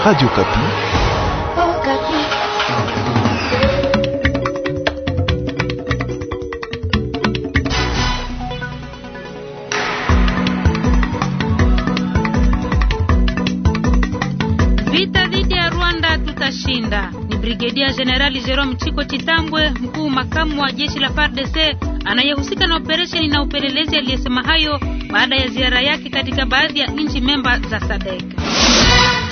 Radio Kapi. Oh, Kapi. Vita dhidi ya Rwanda tutashinda. Ni Brigedia Generali Jerome Chiko Chitambwe, mkuu makamu wa jeshi la FARDC anayehusika na operesheni na upelelezi aliyesema hayo baada ya ziara yake katika baadhi ya nchi memba za SADC.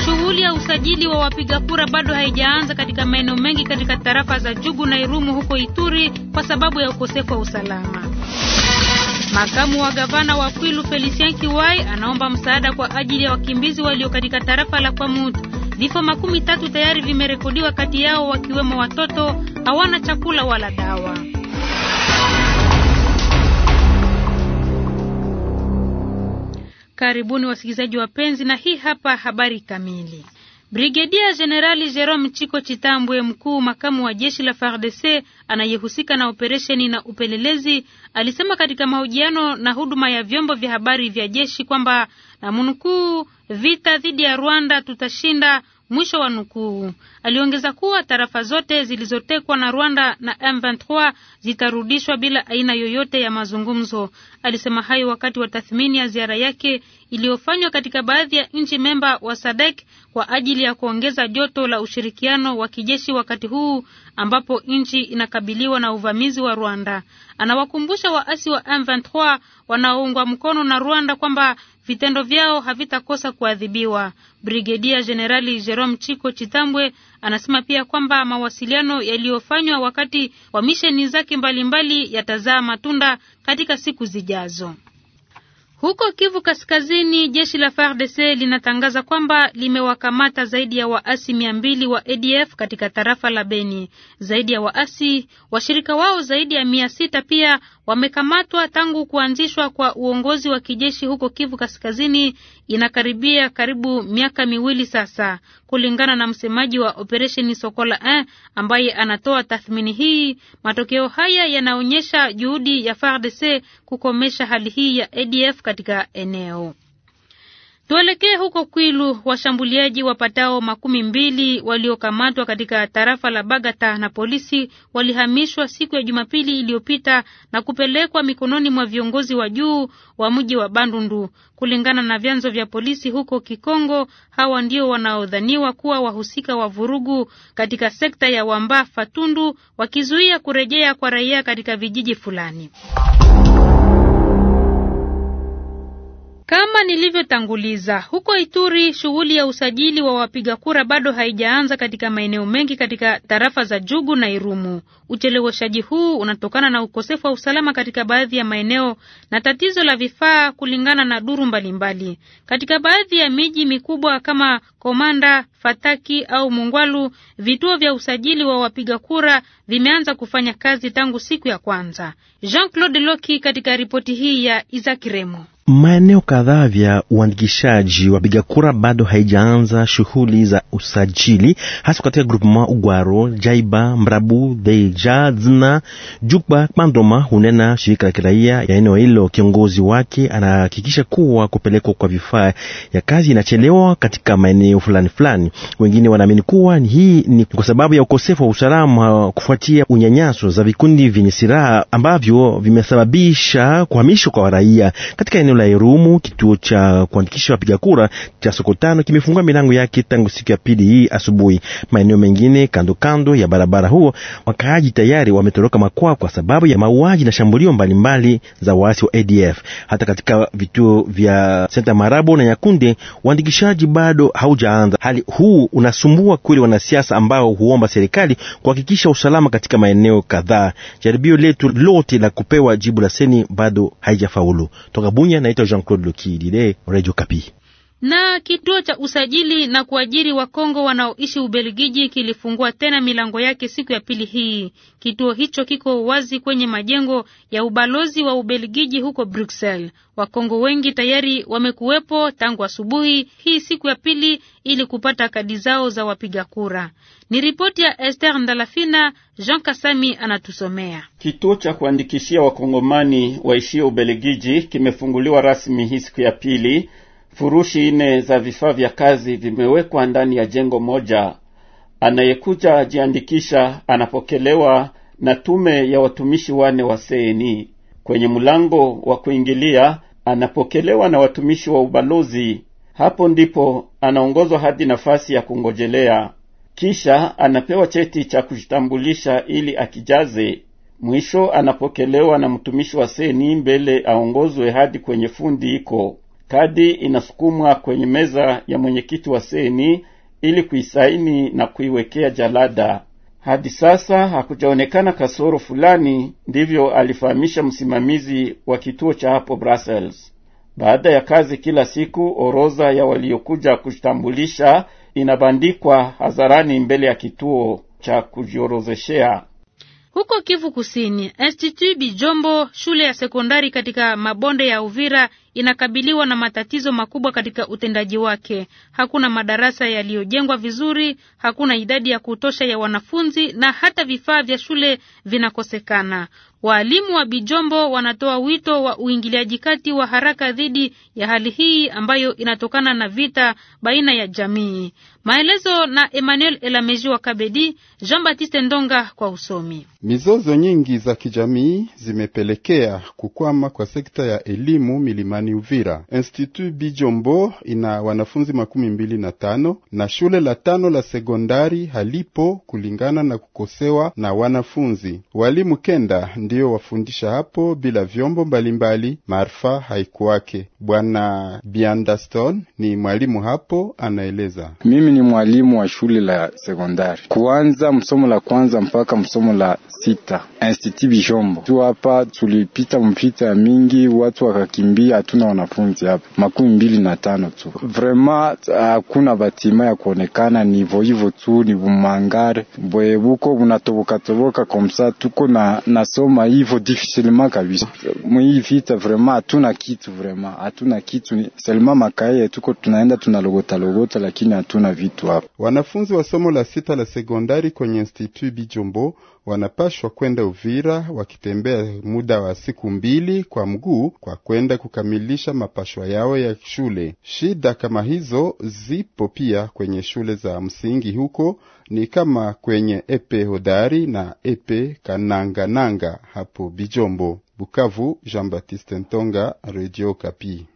Shughuli ya usajili wa wapiga kura bado haijaanza katika maeneo mengi katika tarafa za Jugu na Irumu huko Ituri kwa sababu ya ukosefu wa usalama. Makamu wa gavana wa Kwilu Felicien Kiwai anaomba msaada kwa ajili ya wakimbizi walio katika tarafa la Kwamut. Vifo makumi tatu tayari vimerekodiwa kati yao wakiwemo watoto, hawana chakula wala dawa. Karibuni wasikilizaji wapenzi, na hii hapa habari kamili. Brigedia Jenerali Jerome Chiko Chitambwe, mkuu makamu wa jeshi la FARDC anayehusika na operesheni na upelelezi, alisema katika mahojiano na huduma ya vyombo vya habari vya jeshi kwamba, na vita dhidi ya Rwanda tutashinda Mwisho wa nukuu. Aliongeza kuwa tarafa zote zilizotekwa na Rwanda na M23 zitarudishwa bila aina yoyote ya mazungumzo. Alisema hayo wakati wa tathmini ya ziara yake iliyofanywa katika baadhi ya nchi memba wa SADC kwa ajili ya kuongeza joto la ushirikiano wa kijeshi wakati huu ambapo nchi inakabiliwa na uvamizi wa Rwanda. Anawakumbusha waasi wa M23 wanaoungwa mkono na Rwanda kwamba vitendo vyao havitakosa kuadhibiwa. Brigedia Jenerali Jerome Chiko Chitambwe anasema pia kwamba mawasiliano yaliyofanywa wakati wa misheni zake mbalimbali yatazaa matunda katika siku zijazo. Huko Kivu Kaskazini, jeshi la FARDC linatangaza kwamba limewakamata zaidi ya waasi mia mbili wa ADF katika tarafa la Beni. Zaidi ya waasi washirika wao zaidi ya mia sita pia wamekamatwa tangu kuanzishwa kwa uongozi wa kijeshi huko Kivu Kaskazini, inakaribia karibu miaka miwili sasa kulingana na msemaji wa operesheni Sokola A ambaye anatoa tathmini hii. Matokeo haya yanaonyesha juhudi ya FARDC kukomesha hali hii ya ADF katika eneo. Tuelekee huko Kwilu. Washambuliaji wapatao makumi mbili waliokamatwa katika tarafa la Bagata na polisi walihamishwa siku ya Jumapili iliyopita na kupelekwa mikononi mwa viongozi wa juu wa mji wa Bandundu. Kulingana na vyanzo vya polisi huko Kikongo, hawa ndio wanaodhaniwa kuwa wahusika wa vurugu katika sekta ya Wamba Fatundu, wakizuia kurejea kwa raia katika vijiji fulani. Kama nilivyotanguliza, huko Ituri shughuli ya usajili wa wapiga kura bado haijaanza katika maeneo mengi katika tarafa za Jugu na Irumu. Ucheleweshaji huu unatokana na ukosefu wa usalama katika baadhi ya maeneo na tatizo la vifaa, kulingana na duru mbalimbali mbali. Katika baadhi ya miji mikubwa kama Komanda, Fataki au Mungwalu, vituo vya usajili wa wapiga kura vimeanza kufanya kazi tangu siku ya kwanza. Jean Claude Loki katika ripoti hii ya Remo. Maeneo kadhaa vya uandikishaji wapiga kura bado haijaanza shughuli za usajili, hasa katika grupema Ugwaro, Jaiba, Mrabu, Deja, Zna, Jukba, Pandoma, hunena shirika la kiraia ya eneo hilo. Kiongozi wake anahakikisha kuwa kupelekwa kwa vifaa ya kazi inachelewa katika maeneo fulani fulani. Wengine wanaamini kuwa hii ni kwa sababu ya ukosefu wa usalama kufuatia unyanyaso za vikundi vyenye silaha ambavyo vimesababisha kuhamishwa kwa raia katika eneo la Irumu, kituo cha kuandikisha wapiga kura cha Sokotano kimefungua milango yake tangu siku ya pili hii asubuhi. Maeneo mengine kando kando ya barabara huo, wakaaji tayari wametoroka makwao kwa sababu ya mauaji na shambulio mbalimbali mbali za waasi wa ADF. Hata katika vituo vya Senta Marabo na Yakunde uandikishaji bado haujaanza. Hali huu unasumbua kweli wanasiasa ambao huomba serikali kuhakikisha usalama katika maeneo kadhaa. Jaribio letu lote la kupewa jibu la seni bado haijafaulu. Toka Bunya na Naitwa Jean Claude est Radio Capi. Na kituo cha usajili na kuajiri Wakongo wanaoishi Ubelgiji kilifungua tena milango yake siku ya pili hii. Kituo hicho kiko wazi kwenye majengo ya ubalozi wa Ubelgiji huko Bruxelles. Wakongo wengi tayari wamekuwepo tangu asubuhi hii siku ya pili ili kupata kadi zao za wapiga kura. Ni ripoti ya Esther Ndalafina, Jean Kasami anatusomea. Kituo cha kuandikishia Wakongomani waishio Ubelgiji kimefunguliwa rasmi hii siku ya pili Furushi nne za vifaa vya kazi vimewekwa ndani ya jengo moja. Anayekuja ajiandikisha anapokelewa na tume ya watumishi wane wa seni. Kwenye mlango wa kuingilia anapokelewa na watumishi wa ubalozi. Hapo ndipo anaongozwa hadi nafasi ya kungojelea, kisha anapewa cheti cha kujitambulisha ili akijaze. Mwisho anapokelewa na mtumishi wa seni mbele aongozwe hadi kwenye fundi iko kadi inasukumwa kwenye meza ya mwenyekiti wa seni ili kuisaini na kuiwekea jalada. Hadi sasa hakujaonekana kasoro fulani, ndivyo alifahamisha msimamizi wa kituo cha hapo Brussels. Baada ya kazi kila siku, orodha ya waliokuja kujitambulisha inabandikwa hadharani mbele ya kituo cha kujiorozeshea. Huko Kivu Kusini, Institut Bijombo, shule ya sekondari katika mabonde ya Uvira, inakabiliwa na matatizo makubwa katika utendaji wake. Hakuna madarasa yaliyojengwa vizuri, hakuna idadi ya kutosha ya wanafunzi na hata vifaa vya shule vinakosekana. Waalimu wa Bijombo wanatoa wito wa uingiliaji kati wa haraka dhidi ya hali hii ambayo inatokana na vita baina ya jamii. Maelezo na Emmanuel Elamezi wa Kabedi, Jean Baptiste Ndonga kwa usomi. Mizozo nyingi za kijamii zimepelekea kukwama kwa sekta ya elimu milimani Uvira. Institut Bijombo ina wanafunzi makumi mbili na tano na shule la tano la sekondari halipo kulingana na kukosewa na wanafunzi. Walimu kenda ndiyo wafundisha hapo bila vyombo mbalimbali, maarifa haikuwake. Bwana Biandaston ni mwalimu hapo, anaeleza: mimi ni mwalimu wa shule la sekondari kuanza msomo la kwanza mpaka msomo la sita Institut Bijombo tu hapa. Tulipita mpita mingi, watu wakakimbia, hatuna wanafunzi hapa, makumi mbili na tano tu. vrema, hakuna batima ya kuonekana, ni hivyo hivyo tu, ni bumangare bwebuko bunatobokatoboka komsa, tuko na nasoma kama hivyo difficilement kabisa. Mwi vita vraiment hatuna kitu, vraiment hatuna kitu, selma makaye tuko tunaenda tunalogota logota, lakini hatuna vitu hapa. Wanafunzi wa somo la sita la sekondari kwenye Institut Bijombo wanapashwa kwenda Uvira wakitembea muda wa siku mbili kwa mguu kwa kwenda kukamilisha mapashwa yao ya shule. Shida kama hizo zipo pia kwenye shule za msingi huko, ni kama kwenye epe Hodari na epe Kanangananga hapo Bijombo. Bukavu, Jean Baptiste Ntonga, Radio Kapi.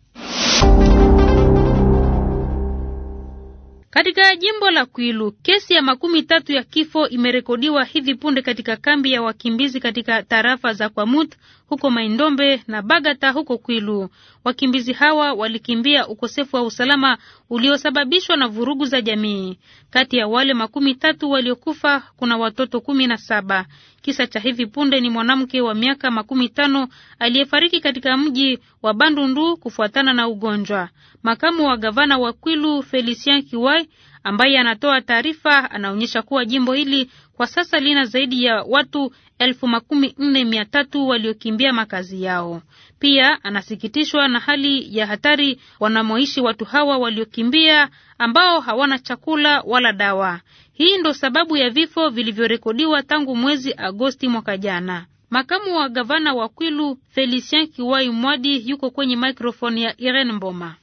Katika jimbo la Kwilu kesi ya makumi tatu ya kifo imerekodiwa hivi punde katika kambi ya wakimbizi katika tarafa za kwamut huko Maindombe na Bagata huko Kwilu. Wakimbizi hawa walikimbia ukosefu wa usalama uliosababishwa na vurugu za jamii. Kati ya wale makumi tatu waliokufa kuna watoto kumi na saba. Kisa cha hivi punde ni mwanamke wa miaka makumi tano aliyefariki katika mji wa Bandundu kufuatana na ugonjwa. Makamu wa gavana wa Kwilu Felicien Kiwai ambaye anatoa taarifa anaonyesha kuwa jimbo hili kwa sasa lina zaidi ya watu elfu makumi nne mia tatu waliokimbia makazi yao. Pia anasikitishwa na hali ya hatari wanamoishi watu hawa waliokimbia ambao hawana chakula wala dawa. Hii ndo sababu ya vifo vilivyorekodiwa tangu mwezi Agosti mwaka jana. Makamu wa gavana wa Kwilu Felicien Kiwai Mwadi yuko kwenye maikrofoni ya Irene Mboma.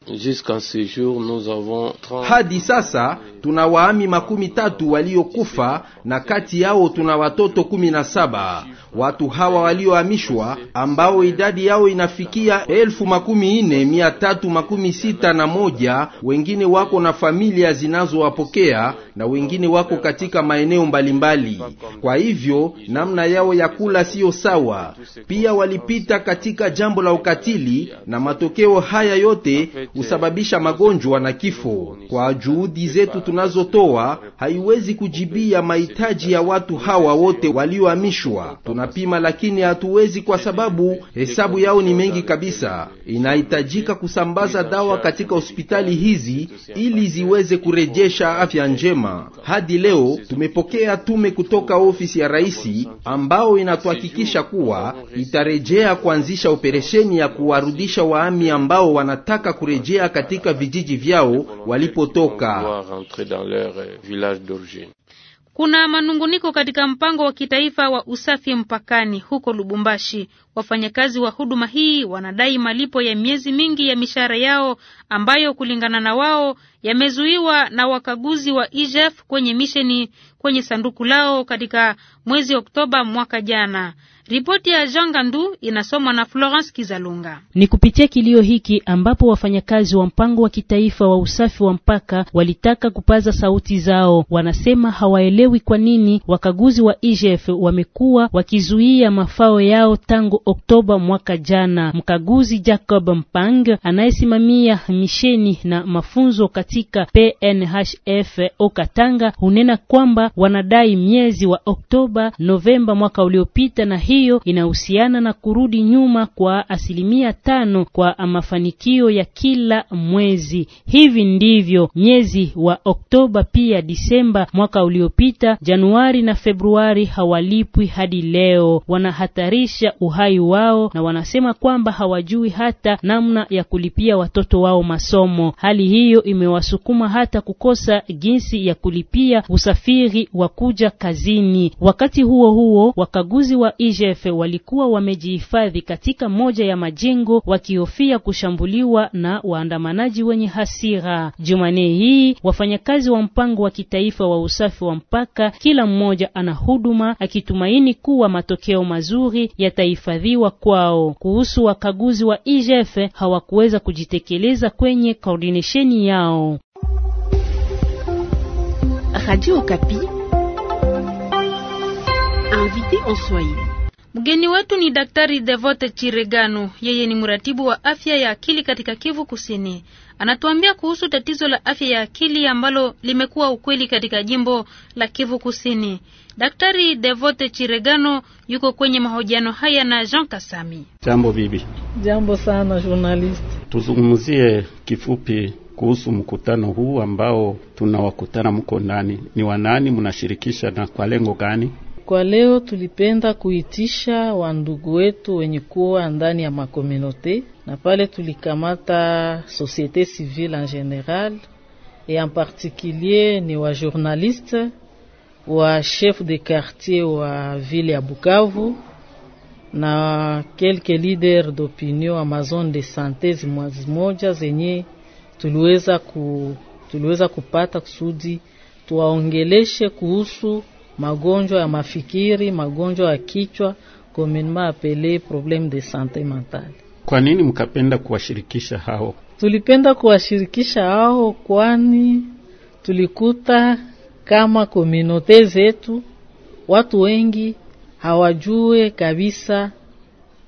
Hadi sasa tuna waami makumi tatu waliokufa na kati yao tuna watoto kumi na saba. Watu hawa waliohamishwa ambao idadi yao inafikia elfu makumi ine mia tatu makumi sita na moja, wengine wako na familia zinazowapokea na wengine wako katika maeneo mbalimbali. Kwa hivyo namna yao ya kula siyo sawa. Pia walipita katika jambo la ukatili, na matokeo haya yote husababisha magonjwa na kifo. Kwa juhudi zetu tunazotoa haiwezi kujibia mahitaji ya watu hawa wote waliohamishwa. Tunapima lakini hatuwezi, kwa sababu hesabu yao ni mengi kabisa. Inahitajika kusambaza dawa katika hospitali hizi ili ziweze kurejesha afya njema. Hadi leo tumepokea tume kutoka ofisi ya rais ambao inatuhakikisha kuwa itarejea kuanzisha operesheni ya kuwarudisha waami ambao wanataka kurejea katika vijiji vyao walipotoka rentrer dans leur euh, village d'origine. Kuna manunguniko katika mpango wa kitaifa wa usafi mpakani huko Lubumbashi. Wafanyakazi wa huduma hii wanadai malipo ya miezi mingi ya mishahara yao ambayo kulingana na wao yamezuiwa na wakaguzi wa IJEF e kwenye misheni kwenye sanduku lao katika mwezi Oktoba mwaka jana. Ripoti ya Gandu inasomwa na Florence Kizalunga. Ni kupitia kilio hiki ambapo wafanyakazi wa mpango wa kitaifa wa usafi wa mpaka walitaka kupaza sauti zao. Wanasema hawaelewi kwa nini wakaguzi wa IGF e wamekuwa wakizuia mafao yao tangu Oktoba mwaka jana. Mkaguzi Jacob Mpang anayesimamia misheni na mafunzo katika PNHF Okatanga hunena kwamba wanadai miezi wa Oktoba, Novemba mwaka uliopita, na hiyo inahusiana na kurudi nyuma kwa asilimia tano kwa mafanikio ya kila mwezi. Hivi ndivyo miezi wa Oktoba pia Disemba mwaka uliopita, Januari na Februari hawalipwi hadi leo, wanahatarisha uhai wao na wanasema kwamba hawajui hata namna ya kulipia watoto wao masomo. Hali hiyo imewa inawasukuma hata kukosa jinsi ya kulipia usafiri wa kuja kazini. Wakati huo huo, wakaguzi wa IGF e walikuwa wamejihifadhi katika moja ya majengo wakihofia kushambuliwa na waandamanaji wenye hasira. Jumane hii wafanyakazi wa mpango wa kitaifa wa usafi wa mpaka, kila mmoja ana huduma akitumaini kuwa matokeo mazuri yatahifadhiwa kwao. Kuhusu wakaguzi wa IGF e hawakuweza kujitekeleza kwenye koordinesheni yao. Radio Okapi. Invité en soi. Mgeni wetu ni Daktari Devote Chiregano. Yeye ni mratibu wa afya ya akili katika Kivu Kusini. Anatuambia kuhusu tatizo la afya ya akili ambalo limekuwa ukweli katika jimbo la Kivu Kusini. Daktari Devote Chiregano yuko kwenye mahojiano haya na Jean Kasami. Jambo bibi. Jambo sana journalist. Tuzungumzie kifupi kuhusu mkutano huu ambao tunawakutana mko ndani, ni wanani mnashirikisha na kwa lengo gani? Kwa leo tulipenda kuitisha wandugu wetu wenye kuwa ndani ya makomunote, na pale tulikamata societe civile en general et en particulier ni wa journaliste wa chef de quartier wa ville ya Bukavu na quelques leaders d'opinion amazon de santé zimwazimoja moja zenye tuliweza, ku, tuliweza kupata kusudi tuwaongeleshe kuhusu magonjwa ya mafikiri, magonjwa ya kichwa communement appele probleme de sante mentale. Kwa nini mkapenda kuwashirikisha hao? Tulipenda kuwashirikisha hao kwani tulikuta kama komunote zetu watu wengi hawajue kabisa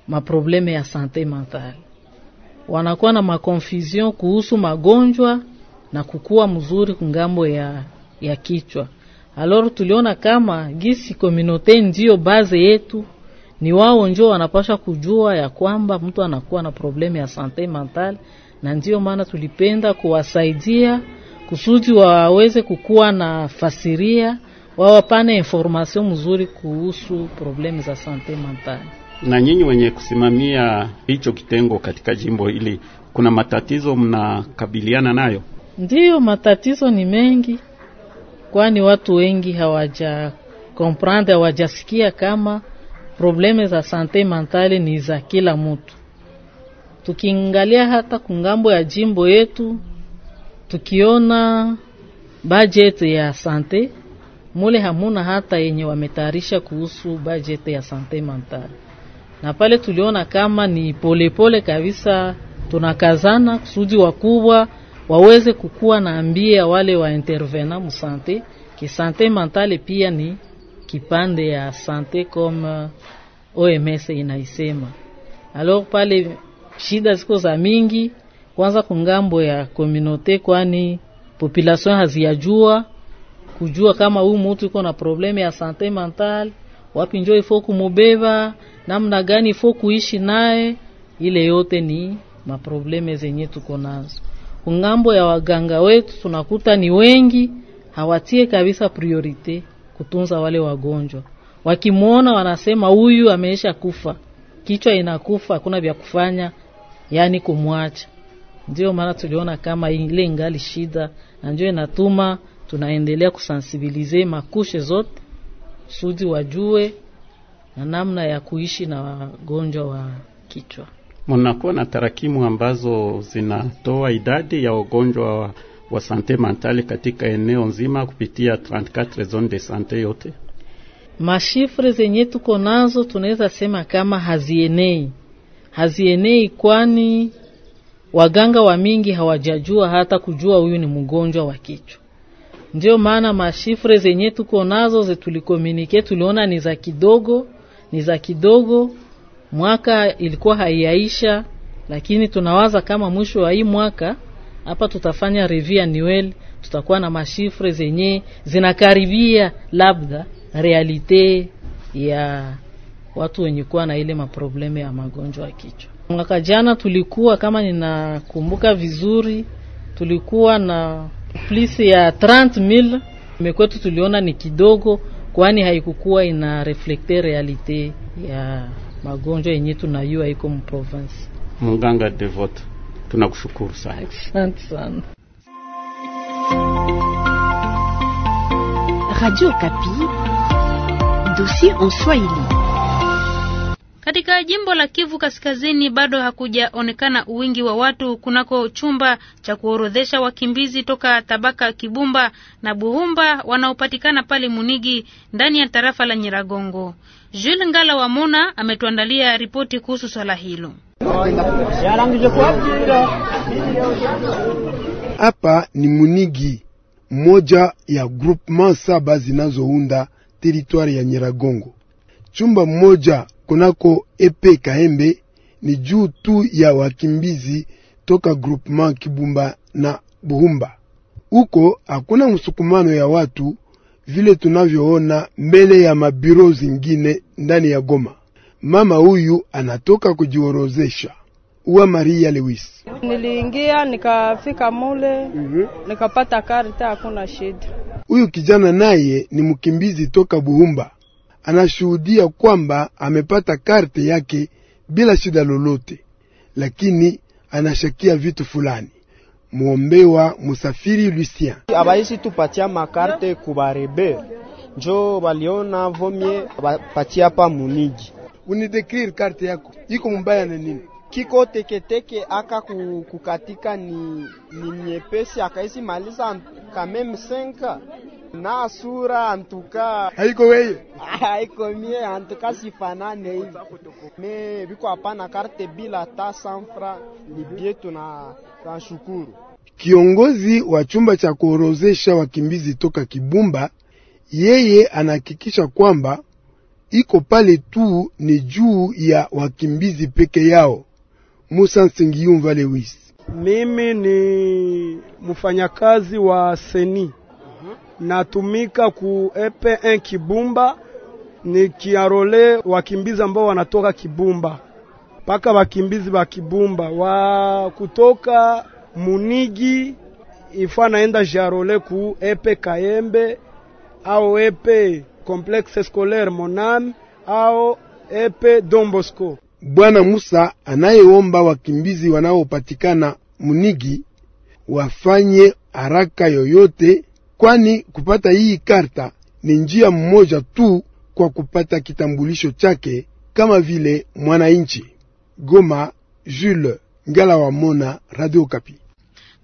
maprobleme ya sante mentale wanakuwa na makonfusion kuhusu magonjwa na kukua mzuri kungambo ya, ya kichwa. Alor tuliona kama gisi komunote ndio baze yetu, ni wao njo wanapasha kujua ya kwamba mtu anakuwa na problemu ya sante mental na ndio maana tulipenda kuwasaidia kusudi waweze kukuwa na fasiria wawapane informasion mzuri kuhusu problemu za sante mental na nyinyi wenye kusimamia hicho kitengo katika jimbo hili, kuna matatizo mnakabiliana nayo? Ndiyo, matatizo ni mengi, kwani watu wengi hawaja komprendre, hawajasikia kama probleme za sante mentale ni za kila mtu Tukiangalia hata kungambo ya jimbo yetu, tukiona bajeti ya sante mule hamuna hata yenye wametayarisha kuhusu bajeti ya sante mentale na pale tuliona kama ni polepole pole kabisa, tunakazana kusudi wakubwa waweze kukuwa na ambia wale wa intervena musante ki sante mentale pia ni kipande ya sante comme eh, OMS inaisema. Alors pale shida ziko za mingi, kwanza kungambo ya komunote, kwani population haziyajua kujua kama huyu mutu iko na probleme ya sante mentale wapi njoo ifo kumubeba namna gani ifo kuishi naye ile yote ni maprobleme zenye tuko nazo ngambo ya waganga wetu tunakuta ni wengi hawatie kabisa priorite kutunza wale wagonjwa wakimwona wanasema huyu ameisha kufa kichwa inakufa hakuna vya kufanya yani kumwacha ndio maana tuliona kama ile ingali shida na ndio inatuma tunaendelea kusansibilize makushe zote kusudi wajue na namna ya kuishi na wagonjwa wa kichwa. Mnakuwa na tarakimu ambazo zinatoa idadi ya wagonjwa wa, wa sante mentale katika eneo nzima kupitia 34 zone de sante yote? Mashifre zenye tuko nazo tunaweza sema kama hazienei, hazienei kwani waganga wa mingi hawajajua hata kujua huyu ni mgonjwa wa kichwa. Ndio maana mashifre zenye tuko nazo zetulikomunike tuliona ni za kidogo, ni za kidogo, mwaka ilikuwa haiyaisha, lakini tunawaza kama mwisho wa hii mwaka hapa tutafanya review annuel, tutakuwa na mashifre zenye zinakaribia labda realite ya watu wenye kuwa na ile maprobleme ya magonjwa ya kichwa. Mwaka jana tulikuwa kama ninakumbuka vizuri, tulikuwa na plus ya mil mekwetu tuliona ni kidogo, kwani haikukuwa ina reflekte realite ya magonjwa yenye tunayua iko mprovinsi. Munganga Devote, tunakushukuru sana, asante sana. Radio Kapi, dossier en Swahili. Katika jimbo la Kivu Kaskazini bado hakujaonekana wingi wa watu kunako chumba cha kuorodhesha wakimbizi toka tabaka Kibumba na Buhumba wanaopatikana pale Munigi ndani ya tarafa la Nyiragongo. Jules Ngala wa Mona ametuandalia ripoti kuhusu swala hilo. Hapa ni Munigi, moja ya groupement saba zinazounda teritwari ya Nyiragongo. Chumba mmoja kunako epe Kaembe ni juu tu ya wakimbizi toka groupement Kibumba na Buhumba. Uko hakuna msukumano ya watu vile tunavyoona mbele ya mabiro zingine ndani ya Goma. Mama huyu anatoka kujiorozesha wa Maria Lewis. Niliingia nikafika mule mm -hmm. nikapata karta, hakuna shida. Huyu kijana naye ni mkimbizi toka Buhumba anashuhudia kwamba amepata karte yake bila shida lolote, lakini anashakia vitu fulani. Muombewa Musafiri Lucien abaisi tupatia makarte kubarebe njo baliona vomye bapatia pa muniji. Unidekrir karte yako iko mubaya na nini? kiko teketeke aka kukatika ni, ni nyepesi akaisi maliza kameme senka na sura antuka haiko weye haiko mie antuka sifanane hivi me biko hapana karte bila ta sanfra ni bie tuna tunashukuru. Kiongozi wa chumba cha kuorozesha wakimbizi toka Kibumba, yeye anahakikisha kwamba iko pale tu ni juu ya wakimbizi peke yao. Musa Nsengiyumva Lewis. Mimi ni mfanyakazi wa seni Natumika ku ep Kibumba, ni kiarole wakimbizi ambao wanatoka Kibumba mpaka wakimbizi wa Kibumba wa kutoka Munigi ifa naenda jarole ku epe Kayembe au epe Complexe Scolaire Monam au epe Dombosco. Bwana Musa anayeomba wakimbizi wanaopatikana Munigi wafanye haraka yoyote, kwani kupata hii karta ni njia mmoja tu kwa kupata kitambulisho chake kama vile mwananchi. Goma, Jules Ngala wa Mona, Radio Kapi.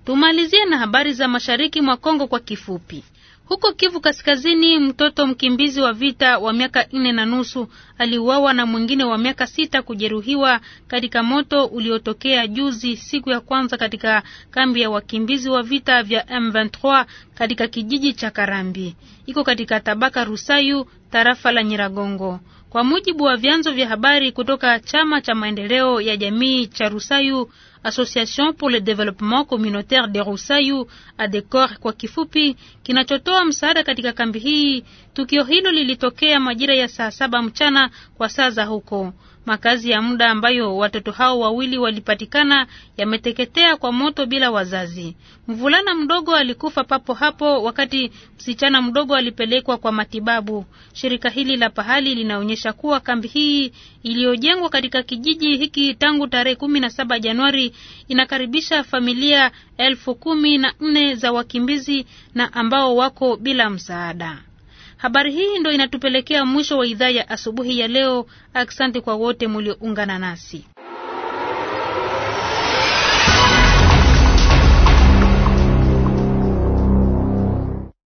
Tumalizie na habari za mashariki mwa Kongo kwa kifupi. Huko Kivu Kaskazini, mtoto mkimbizi wa vita wa miaka nne na nusu aliuawa na mwingine wa miaka sita kujeruhiwa katika moto uliotokea juzi siku ya kwanza katika kambi ya wakimbizi wa vita vya M23 katika kijiji cha Karambi, iko katika tabaka Rusayu, tarafa la Nyiragongo. Kwa mujibu wa vyanzo vya habari kutoka chama cha maendeleo ya jamii cha Rusayu, Association pour le Développement Communautaire de Rusayu ADECOR kwa kifupi, kinachotoa msaada katika kambi hii. Tukio hilo lilitokea majira ya saa saba mchana kwa saa za huko. Makazi ya muda ambayo watoto hao wawili walipatikana yameteketea kwa moto bila wazazi. Mvulana mdogo alikufa papo hapo, wakati msichana mdogo alipelekwa kwa matibabu. Shirika hili la pahali linaonyesha kuwa kambi hii iliyojengwa katika kijiji hiki tangu tarehe kumi na saba Januari inakaribisha familia elfu kumi na nne za wakimbizi na ambao wako bila msaada. Habari hii ndo inatupelekea mwisho wa idhaa ya asubuhi ya leo. Asante kwa wote mulioungana nasi.